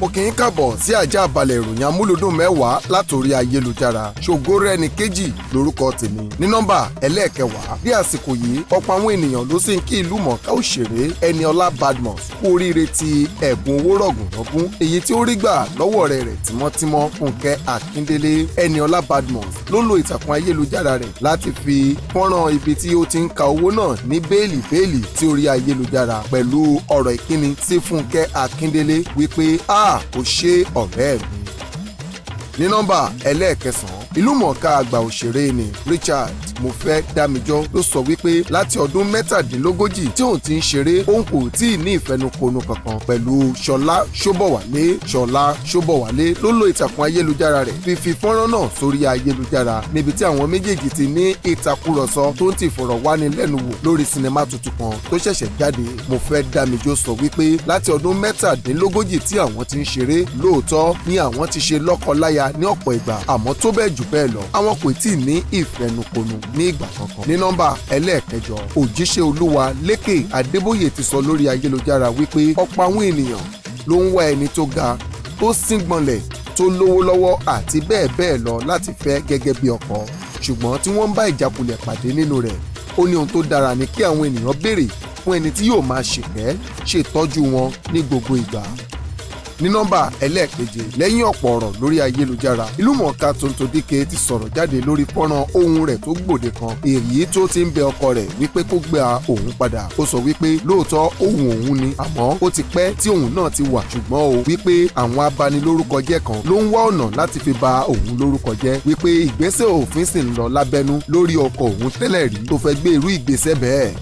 mo kì í kàbọ̀ sí ajá balẹ̀ ìròyìn amúlùdùn mẹ́wàá látòrí ayélujára ṣògòrò ẹni kejì lórúkọ tèmi ní nọ́mbà ẹlẹ́ẹ̀kẹwàá bí àsìkò yìí ọ̀pọ̀ àwọn ènìyàn ló sì ń kí ìlú mọ̀ọ́ká òṣèré Ẹniọlá Badmus kú oríire ti ẹ̀bùn owó rọ̀gùn lọ́gún èyí tí ó rí gbà lọ́wọ́ rẹ̀ rẹ̀ tímọ́tímọ́ Fúnkẹ́ Akíndélé Ẹniọlá Badmus ló lo ìtàkùn ayélujára rẹ̀ láti fi fọ́nrán ibi tí ó ti ń ka owó náà a kò ah, ṣe ọ̀rẹ́ mi ní nọ́mbà ẹlẹ́ẹ̀kẹsàn ìlúmọ̀ọ́ká àgbà òṣèré ni Richard Mofẹ́ Dámijọ́ ló sọ wípé láti ọdún mẹ́tàdínlógójì tí òun ti ń ṣeré òun kò tí ì ní ìfẹnukonu kankan pẹ̀lú Ṣọlá Ṣóbọ̀wálé Ṣọlá Ṣóbọ̀wálé ló lo ìtàkùn ayélujára rẹ̀ fífi fọ́nrán náà sórí ayélujára níbi tí àwọn méjèèjì ti ní ìtàkùrọ̀sọ tó ń ti fọ̀rọ̀wánilẹ́nuwò lórí sinimá tuntun kan tó ṣẹ̀ṣẹ̀ jáde Mofẹ́ Dámijọ́ sọ wípé láti ọdún mẹ́tàdínlógójì tí àwọn ti ń ṣeré lóòótọ́ ni àwọn ti ṣe lọ́kọ bẹ́ẹ̀ lọ àwọn kò tí ì ní ìfẹnukonu ní ìgbà kankan. ní nọ́mbà ẹlẹ́ẹ̀kẹjọ òjíṣẹ́ olúwa lékè adébóyè ti sọ lórí ayélujára wípé ọ̀pọ̀ àwọn ènìyàn ló ń wá ẹni tó ga tó síngbọnlẹ̀ tó lówó lọ́wọ́ àti bẹ́ẹ̀ bẹ́ẹ̀ lọ láti fẹ́ gẹ́gẹ́ bí ọkọ ṣùgbọ́n tí wọ́n ń bá ìjákulẹ̀ pàdé nínú rẹ̀ ó ní ohun tó dára ni kí àwọn ènìyàn béèrè fún ẹni tí yóò máa ṣèpẹ́ ṣètọ́jú wọn ní gbogbo ìgbà ní nọ́mbà ẹlẹ́ẹ̀keje lẹ́yìn ọ̀pọ̀ ọ̀rọ̀ lórí ayélujára ìlúmọ̀ọ́ká Tonto Dike ti sọ̀rọ̀ jáde lórí fọ́nrán ohùn rẹ̀ tó gbòde kan èyí tó ti ń bẹ ọkọ rẹ̀ wípé kó gba òun padà ó sọ wípé lóòótọ́ ohùn òun ni àmọ́ ó ti pẹ́ tí òun náà ti wà ṣùgbọ́n o wípé àwọn abanilórúkọ jẹ́ kan ló ń wá ọ̀nà láti fi ba òun lórúkọ jẹ́ wípé ìgbésẹ̀ òfin sì ń lọ lábẹ́nú lórí ọkọ òun tẹ́lẹ̀ rí tó fẹ́ gbé irú ìgbésẹ̀ bẹ́ẹ̀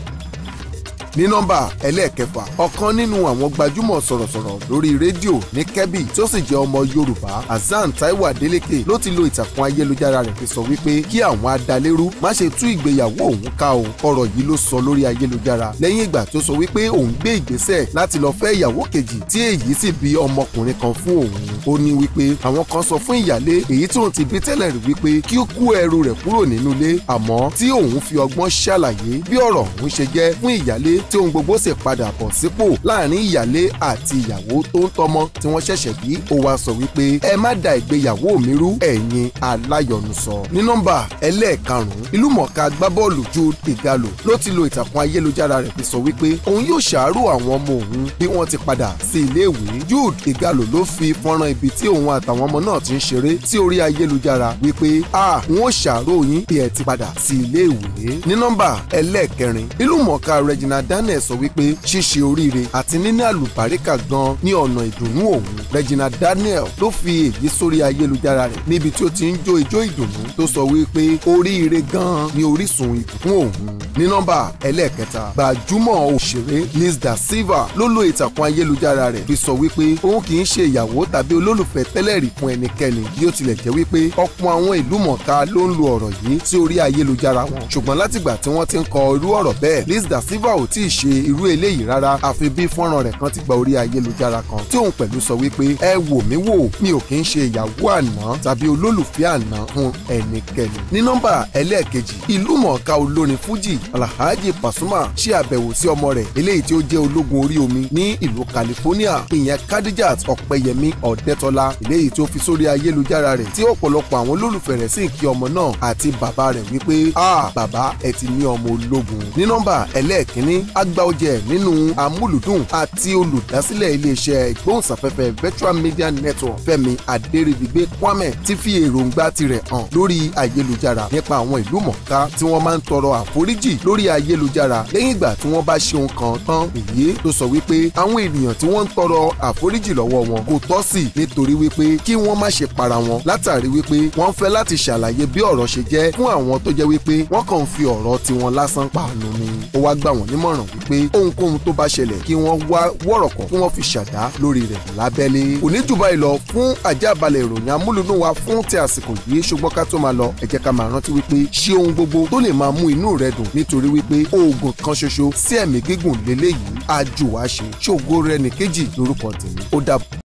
ní nọ́mbà ẹlẹ́ẹ̀kẹfà ọ̀kan nínú àwọn gbajúmọ̀ sọ̀rọ̀sọ̀rọ̀ lórí rédíò ní Kẹ́bì tí ó sì jẹ́ ọmọ Yorùbá Hasan Taiwo Adeleke ló ti lo ìtàkùn ayélujára rẹ̀ fi sọ wípé kí àwọn adalérú má ṣe tú ìgbéyàwó òun ká o ọ̀rọ̀ yìí ló sọ lórí ayélujára lẹ́yìn ìgbà tó sọ wípé òun gbé ìgbésẹ̀ láti lọ fẹ́ ìyàwó kejì tí èyí sì bí ọmọkùnrin kan fún òun ó ní wípé àwọn kan sọ fún ìyálé èyí tóun ti bí tẹ́lẹ̀ rí wípé kí ó kú ẹrù rẹ̀ kúrò nínú ilé àmọ́ tí òun fi ọgbọ́n ṣàlàyé bí ọ̀rọ̀ òun ṣe jẹ́ fún ìyálé tí ohun gbogbo sì padà bọ̀ sípò láàrin ìyálé àti ìyàwó tó ń tọ́mọ tí wọ́n ṣẹ̀ṣẹ̀ bí ó wá sọ wípé ẹ má da ìgbéyàwó mi rú ẹ̀yin aláyọ̀nùsọ. ní nọ́mbà ẹlẹ́ẹ̀karùn-ún ìlúmọ̀ọ́ká agbábọ́ọ̀lù Jude Igalo ló ti lo ìtàkùn ayélujára rẹ̀ fi sọ wípé òun yóò ṣàárò àwọn ọmọ òun bí wọ́n ti padà sí iléèwé Jude Igalo ló fi fọ́nrán ibi tí òun àtàwọn ọmọ náà ti ń ṣeré sí orí ayélujára wípé a wọn ò ṣàárò yín bí ẹ ti padà sí iléèwé. ní nọ́mbà ẹlẹ́ẹ̀kẹrin ìlúmọ̀ọ́ká Regina D Daniel sọ wípé ṣíṣe oríire àti níní àlùbáríkà gan ní ọ̀nà ìdùnnú òun Regina Daniel ló fi èyí sórí ayélujára rẹ̀ níbi tí ó ti ń jó ijó ìdùnnú tó sọ wípé oríire gan ni orísun ìbùkún òun ní nọ́mbà ẹlẹ́ẹ̀kẹta gbajúmọ̀ òṣèré Liz da Silva ló lo ìtàkùn ayélujára rẹ̀ fi sọ wípé òun kì í ṣe ìyàwó tàbí olólùfẹ́ tẹ́lẹ̀rí fún ẹnikẹ́ni bí ó tilẹ̀ jẹ́ wípé ọ̀pọ̀ àwọn ìlú mọ̀ọ́ká ló ń lo ọ̀rọ̀ yìí sí orí ayélujára wọn ṣùgbọ́n látìgbà tí wọ́n ti ń kọ irú ọ̀rọ̀ bẹ́ẹ̀ Liz da Silva ò tí tí ì ṣe irú eléyìí rárá àfi bí fọ́nrán rẹ̀ kan ti gba orí ayélujára kan tí òun pẹ̀lú sọ wípé ẹ wò mí wò mi ò kí ń ṣe ìyàwó àná tàbí olólùfẹ́ àná hun ẹnikẹ́ni. ní nọ́mbà ẹlẹ́ẹ̀kejì ìlú mọ̀ọ́ká olórin fújì alhaji pasuma ṣe àbẹ̀wò sí ọmọ rẹ̀ eléyìí tí ó jẹ́ ológun orí omi ní ìlú california ìyẹn kadijat ọ̀pẹyẹmí ọ̀dẹ́tọ́lá eléyìí tí ó fi sórí ayélujára rẹ̀ tí ọ̀pọ̀lọpọ̀ àwọn olólùfẹ́ rẹ̀ sì ń kí ọmọ ah bàbá ẹ ti ní ọmọ ológun ẹlẹ́ẹ̀kínní agbaọ̀jẹ̀ nínú amúlùdùn àti olùdásílẹ̀ iléeṣẹ́ ìgbóhùnsáfẹ́fẹ́ virtual media network fẹ́mi adéríbigbé kwame ti fi èròǹgbà tirẹ̀ hàn lórí ayélujára nípa àwọn ìlú mọ̀ọ́ká tí wọ́n máa ń tọrọ àforíjì lórí ayélujára lẹ́yìn ìgbà tí wọ́n bá ṣe ohun kan tán èyí ló sọ wípé àwọn ènìyàn tí wọ́n ń tọrọ àforíjì lọ́wọ́ wọn kò tọ́ sí nítorí wípé kí wọ́n má ṣe para wọn látàrí wípé wọ́n fẹ́ láti ṣàlàyé bí ọ̀rọ̀ ṣe jẹ́ fún àwọn tó jẹ́ wípé wọ́n kàn ń fi ọ̀rọ̀ tiwọn lásán pàánù hàn wípé ohunkóhun tó bá ṣẹlẹ̀ kí wọ́n wá wọ̀rọ̀kọ̀ kí wọ́n fi ṣàdá lórí rẹ̀ lábẹ́lé. kò ní jù báyìí lọ fún àjàbalẹ̀ ìròyìn amúlùdùn wa fún ti àsìkò yìí ṣùgbọ́n ká tó máa lọ ẹ jẹ́ ká máa rántí wípé ṣe ohun gbogbo tó lè máa mú inú rẹ dùn nítorí wípé oògùn kan ṣoṣo sí ẹ̀mí gígùn lélẹ́yìí